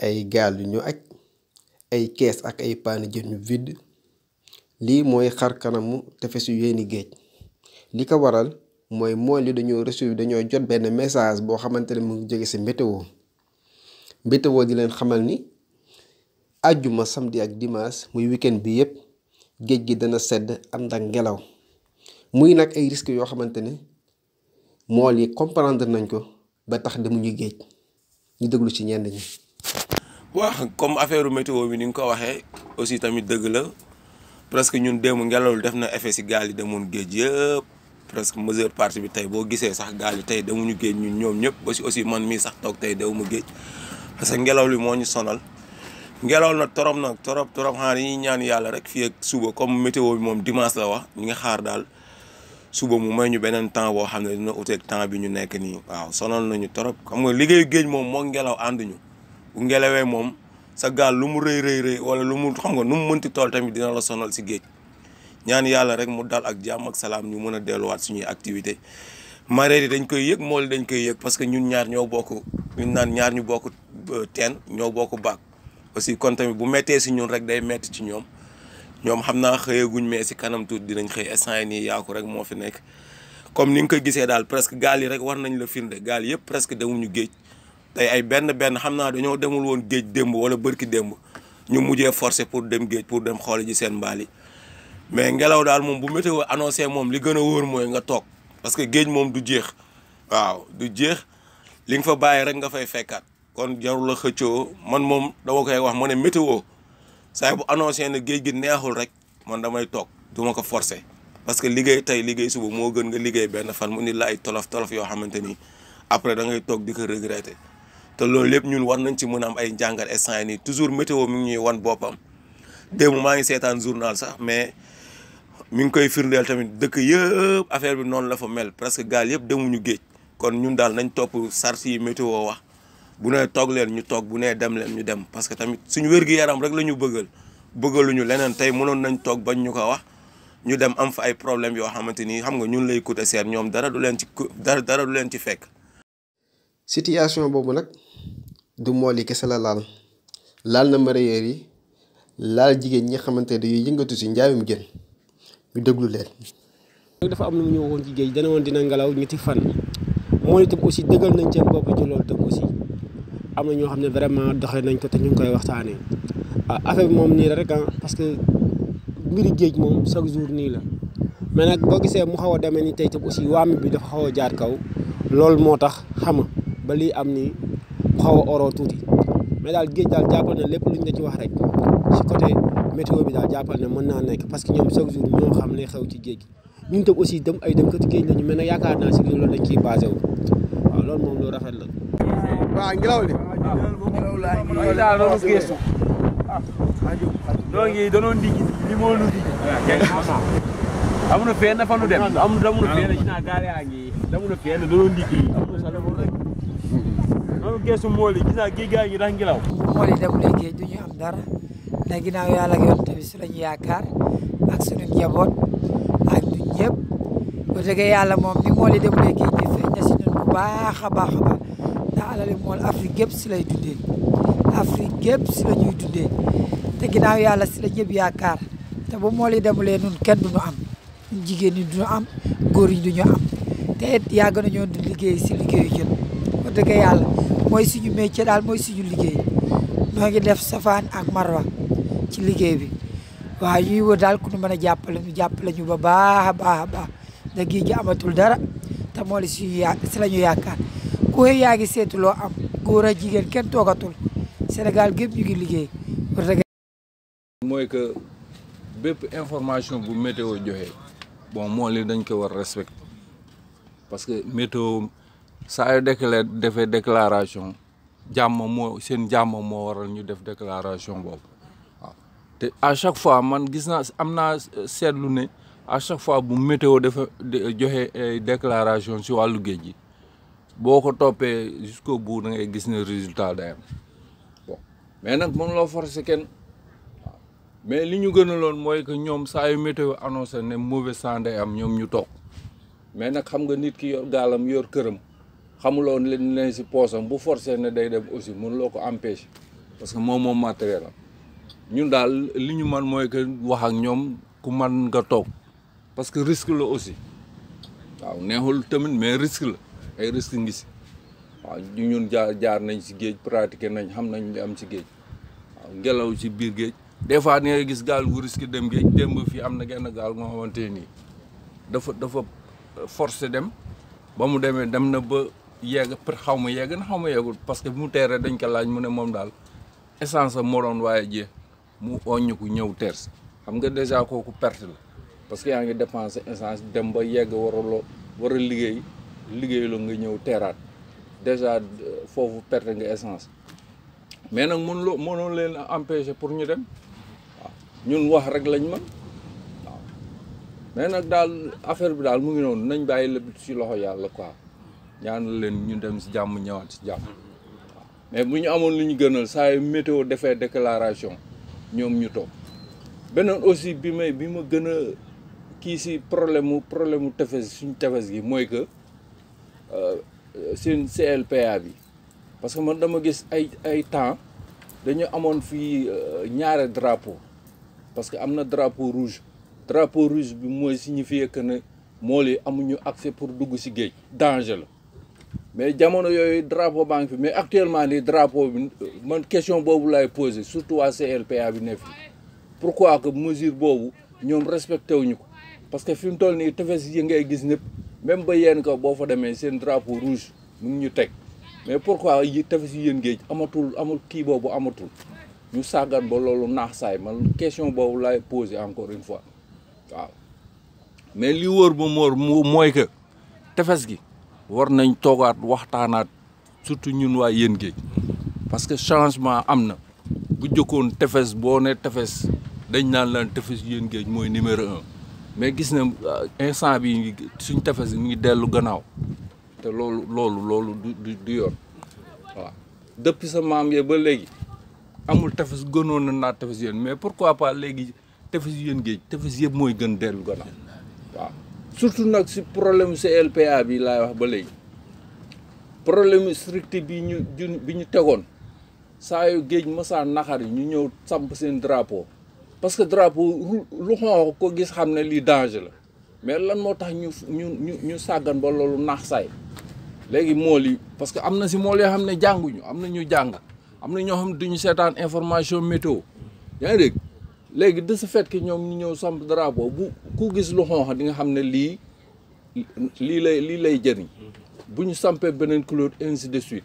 ay gaal yu ñu aj ay kees ak ay paani jën yu vide lii mooy xar kanamu tefesu yeeni géej li ko waral mooy mool yi dañoo reçu dañoo jot benn message boo xamante ne mu ngi jóge si météo météo di leen xamal ni àjjuma samedi ak dimanche muy weekend bi yépp géej gi dana sedd ànd ak ngelaw muy nag ay risque yoo xamante ne mool yi comprendre nañ ko ba tax demuñu géej ñu déglu ci ñenn ñi. waaw comme affaire météo bi ni nga ko waxee aussi tamit dëgg la presque ñun démb ngelaw li def na effet si gaal yi demoon géej yëpp presque majeure partie bi tey boo gisee sax gaal yi tey demuñu géej ñun ñoom ñëpp ba aussi man mii sax toog tey dewuma géej parce que ngelaw li moo ñu sonal ngelaw nag torop nag trop trop xanaa dañuy ñaan yàlla rek fii ak suba comme météo bi moom dimanche la wax ñu ngi xaar daal suba mu may ñu beneen temps boo xam ne dina uteeg temps bi ñu nekk nii waaw sonal nañu torop xam nga liggéeyu géej moom moo ngelaw ànduñu bu ngelawee moom sa gaal lu mu rëy rëy rëy wala lu mu xam nga nu mu mënti tool tamit dina la sonal si géej ñaan yàlla rek mu dal ak jàmm ak salaam ñu mën a delluwaat suñuy activité marée yi dañ koy yëg mool dañ koy yëg parce que ñun ñaar ñoo bokk ñun naan ñaar ñu bokk euh, teen ñoo bokk baag aussi kon bu méttee si ñun rek day métti ci ñoom ñoom xam naa xëyaguñ mais si kanam tuuti dinañ xëy instant yi moo fi nekk comme ni nga ko gisee daal presque gaal yi rek war nañ la firnde gaal yëpp presque demuñu géej tey ay benn benn xam naa dañoo demul woon géej démb wala bërki démb ñu mujjee forcé pour dem géej pour dem xoole ji seen mbaali mais ngelaw daal moom bu météo annoncé moom li gën a wóor mooy nga toog parce que géej moom du jeex waaw du jeex li nga fa bàyyi rek nga fay fekkaat kon jarul la man moom dama koy wax ma ne météo saa bu annoncé ne géej gi neexul rek man damay toog du ko forcé parce que liggéey tey liggéey suba moo gën nga liggéey benn fan mu ni la ay tolof tolof yoo xamante ni après da ngay toog di ko regretter te loolu lépp ñun war nañ ci mën am ay njàngar instant yi toujours météo mu ngi ñuy wan boppam démb maa ngi seetaan journal sax mais mi ngi koy firndeel tamit dëkk yëpp affaire bi noonu la fa mel presque gaal yëpp demuñu géej kon ñun daal nañ topp sart yi météo wax bu nee toog leen ñu toog bu nee dem leen ñu dem parce que tamit suñu wér-gu-yaram rek la ñu bëggal bëggaluñu leneen tey mënoon nañ toog bañ ñu ko wax ñu dem am fa ay problème yoo xamante ni xam nga ñun lay coûter cher ñoom dara du leen ci dara dara du leen ci fekk. situation boobu nag. du mool yi kese la laal laal na mareyeur yi laal jigéen ñi xamante ne dañuy yëngatu si njaayum jën ñu déglu leen. dafa am lu mu ñu waxoon ci géej dana woon dina ngelaw ñetti fan mooy itam aussi dëggal nañ seen bopp ci loolu tam aussi am na ñoo xam ne vraiment doxe nañ ko te ñu ngi koy waxtaanee ah, affaire bi moom nii la rek ah parce que mbiri géej moom chaque jour nii la mais nag boo gisee mu xaw a demee nii tey tam aussi waame bi dafa xaw a jaar kaw loolu moo tax xama mu xaw a oroo tuuti mais daal géej daal jàppal ne lépp luñ la ci wax rek si côté météo bi daal jàppal ne mën naa nekk parce que ñoom chaque jour ñoo xam ne xew ci géej gi ñun tam aussi dem ay dem kati géej lañu mais nag yaakaar naa si loolu dañ ciy basé wu waaw loolu moom lu rafet la. waaw ngelaw li. waaw daal loolu gëstu. donc danoo ndigi lu ndigi. amuna fenn fa nu dem amuna geesu mool yi gis naa géej gaa ngi ndax ngelaw bu mool demulee géej du ñu am dara na ginnaaw yàlla ak yoon tamit si la yaakaar ak suñu njaboot ak ñun ñëpp bu dëggee yàlla moom ni mool yi demulee géej gi feeñ na si ñun bu baax a baax a baax ndax alali mool Afrique gépp si lay dundee Afrique gépp si la ñuy dundee te ginnaaw yàlla si la ñëpp yaakaar te bu mool yi demulee nun kenn duñu am jigéen ñi duñu am góor ñi duñu am te it yàgg nañoo di liggéey si liggéeyu jën wax dëgg yàlla mooy suñu métier daal mooy suñu liggéey ñoo ngi def safaan ak marwa ci liggéey bi waa ñuy wër daal ku ñu mën a jàppale ñu jàppale ñu ba baa a baax a baax da géej gi amatul dara te moo li suñu ya yaa ngi seetu loo am góor a jigéen kenn toogatul senegal gépp ñu liggéey wax dëgg bépp information bu météo joxe dañ ko war respect saa yu décla defee déclaration jàmm moo seen jàmm moo waral ñu def déclaration boobu waaw te à chaque fois man gis naa am naa seetlu ne à chaque fois bu météo dafa joxe eh, déclaration si wàllu géej gi boo ko toppee jusqu'au bout da ngay gis ne résultat day am bon mais nag mën loo forcer kenn waaw mais li ñu gënaloon mooy que ñoom saa yu météo annoncé ne mauvais temps day am ñoom ñu toog mais nag xam nga nit ki yor gaalam yor këram. xamuloon len leen si posam bu forcer ne day dem aussi mënuloo loko empêcher parce que mom mom matériel ñun dal li ñu man moy que wax ak ñom ku man nga tok parce que risque la aussi waaw neexul tamit mais risque la ay risque ngi ci waaw ñun jaar jaar nañ si geej pratiquer nañ xam nañ li am si geej waaw ngelaw ci biir geej des fois ngay gis gal gu risque dem geej dem fi am na genn gal nga xamanteni dafa dafa forcer dem ba mu demee dem na ba yegg pour xawma yegg na xawma ma yeggul parce que bu mu téré dañ ko laaj mu né mom dal essence mo moo doon waaye jee mu oññ ko ñew ters xam nga déjà koku perte la parce que ya nga dépenser essence dem ba yegg waraloo war a liggéey liggéey lo nga ñew térat déjà euh, fofu perte nga essence mais nak mën loo mënoo leen empêcher pour ñu dem ñun wax rek lañ ma mais nak dal affaire bi dal mu ngi non nañ le lépp ci loxo yalla quoi ñaanal leen ñu dem si jàmm ñëwaat si jàmm mais bu ñu amoon lu ñu gënal saa yu météo defee déclaration ñoom ñu toog beneen aussi bi may bi ma gën a kii si problème mu problème mu tefes suñu tefes gi mooy que euh, seen CLPA bi parce que man dama gis ay ay temps dañu amoon fii euh, ñaare drapeau parce que am na drapeau rouge drapeau rouge bi mooy signifier que ne mool yi amuñu accès pour dugg si géej danger la mais jamono yoy drapeau banque mais actuellement les drapeaux man question boobu lay poser surtout à CLPA bi neuf. pourquoi que mesure boobu ñom respecté wuñu ko parce que fim toll ni tefes yi ngay gis ñëpp même ba yéen ko bo fa démé sen drapeau rouge mu ñu teg mais pourquoi yi tefes yi yéen géej amatul amul ki boobu amatul ñu sàggan bo lolu naax saay man question boobu lay poser encore une fois waaw mais li wóor ba mor moy que tefes gi war nañ toogaat waxtaanaat surtout ñun waa yéen géej parce que changement am na bu jëkkoon tefes boo ne tefes dañ naan laan tefes yéen géej mooy numéro un mais gis na euh, instant bi suñ tefes mi ngi dellu gannaaw te loolu loolu loolu du du yoon waaw depuis sa maam yee ba léegi amul tefes gënoon na naa tefes yéen mais pourquoi pas léegi tefes yéen géej tefes yëpp mooy gën dellu gannaaw waaw surtout nag si problème CLPA bi laay wax ba léegi problème strict bi ñu bi ñu tegoon saa yu géej masaa naxar yi ñu ñëw samp seen drapo parce que drapeau lu xonq ko gis xam ne lii danger la mais lan moo tax ñu ñu ñu sàggan ba loolu naax saay léegi mool yi parce que am na si mool yoo xam ne jànguñu am na ñu jàng am na ñoo xam ne duñu seetaan information météo yaa ngi dégg léegi de ce fait que ñoom ñu ñëw samp drapeau bu ku gis lu xonq di nga xam ne lii lii lay lii lay jëriñ bu ñu sampee beneen couleur ainsi de suite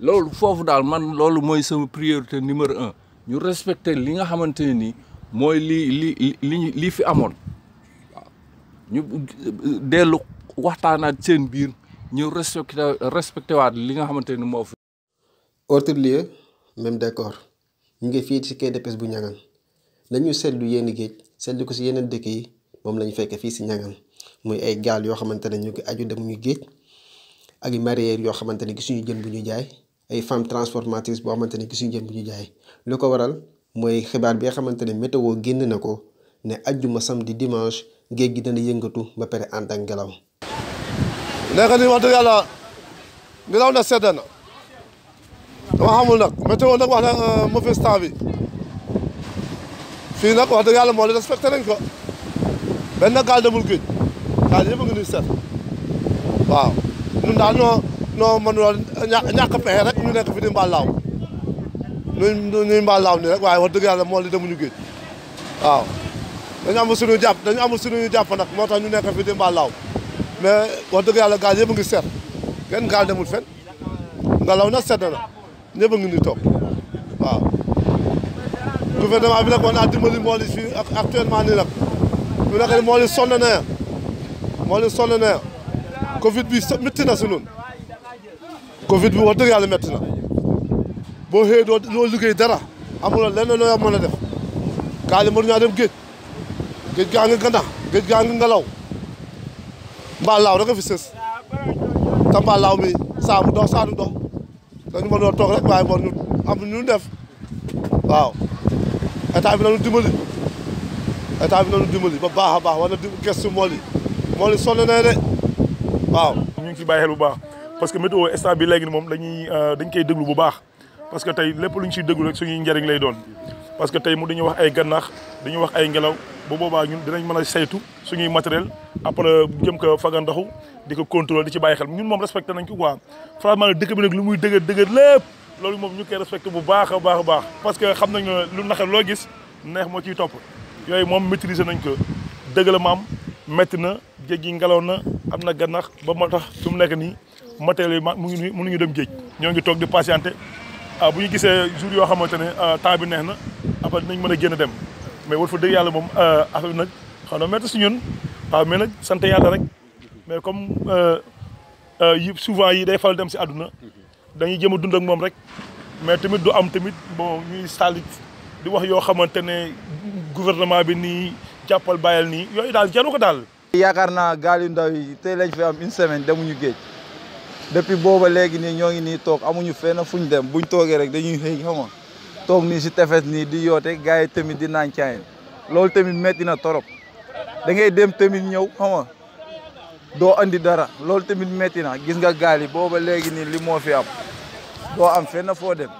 loolu foofu daal man loolu mooy sama priorité numéro un ñu respecter li nga xamante ne nii mooy lii li li lii fi amoon waaw ñu dellu waxtaanaat seen biir ñu respecté respecté waat li nga xamante ni moo fi. autre lieu même ñu ngi fii ci quai de bu Niangane lañu seetlu yenn géej seetlu ko si yeneen dëkk yi moom lañu fekk fii si ñangal muy ay gaal yoo xamante ne ñu ngi aju demuñu géej ak mareyeur yoo xamante ne gisuñu jën bu ñu jaay ay femmes transformatrices boo xamante ne gisuñu jën bu ñu jaay lu ko waral mooy xibaar bi nga xamante ne météo génn na ko ne ajjuma di dimanche géej gi dana yëngatu ba pare ànd ak ngelaw. léegi nii wax dëgg yàlla ngelaw na sedd na dama xamul nag météo nag wax na euh, mauvaise temps bi. fii nag wax dëgg yàlla moo li respecté nañ ko benn gaal demul géej gaal yëpp a ngi nuy set waaw ñun daal noo noo mën lool pexe rek ñu nekk fi di mbàllaaw ñuy ñuy rek waaye wax dëgg yàlla moo li demuñu géej waaw jàpp dañu amul suñu jàpp nag moo tax ñu nekk fi di mbàllaaw mais wax dëgg yàlla gaal yëpp a ngi set kenn gaal demul fen ngelaw nag sedd na ñëpp a ngi toog gouvernement bi nag war naa dimbali moo li fii actuellement nii nag ni moo li sonn na moo li covid bi métti na si ñun covid bi wax dëgg yàlla métti na boo xëyee doo doo liggéey dara amuloo lenn loo mën a def gaa li mënuñaa dem géej gaa ngi gànnax géej gaa ngi ngelaw mbaalaaw da nga fi sës te mbaalaaw mi saa mu dox saa du dox dañu mënoo toog rek waaye bon ñu am ñu def waaw état bi nanu dimbali état bi nanu dimbali ba baax a baax war na di gëstu mool yi mool yi sonn de waaw. ñu ngi ci bàyyi xel bu baax parce que météo instant bi léegi moom dañuy euh, dañ koy déglu bu baax parce que tey lépp lu ñu ciy déglu rek suñuy njëriñ lay doon parce que tey mu dañuy wax ay gannaax dañuy wax ay ngelaw bu boobaa ñun dinañ mën a saytu suñuy matériel après jëm ko fagandaxu di ko contrôler di ci bàyyi xel ñun moom respecté nañ ko quoi franchement lu muy dëgër dëgër lépp. loolu mom ñu koy respecté bu baaxa baaxa baax parce que xam nañ lu naxal loo gis neex mo ciy top yoy mom maîtriser nañ ko dëgg maam métti na géej gi ngelaw na am na ba moo tax su mu nekk nii matériel yi mu ngi dem géej ñoo ngi toog di patienter ah bu ñu gisee jour yo xamantene ah, temps bi neex na après dinañ mëna a dem mais wal fa dëgg yàlla moom ah, affaire nak nag metti na ñun waaw ah, mais nak sante yalla rek mais comme euh, euh yëpp souvent yi day fal dem ci aduna dañuy jëm a dund ak moom rek mais tamit du am tamit bon ñuy salit di wax yoo xamante ne gouvernement bi nii jàppal bàyyal nii yooyu daal jaru ko daal. yaakaar naa gaal yu ndaw yi te lañ fi am une semaine demuñu géej depuis booba léegi nii ñoo ngi nii toog amuñu fenn fuñ dem buñ toogee rek dañuy xëy xam toog nii si tefes nii di yoote gars yi tamit di naan caayal loolu tamit metti na torop da ngay dem tamit ñëw xam doo andi dara loolu tamit métti na gis nga gaal yi booba léegi nii li moo fi am doo am na foo dem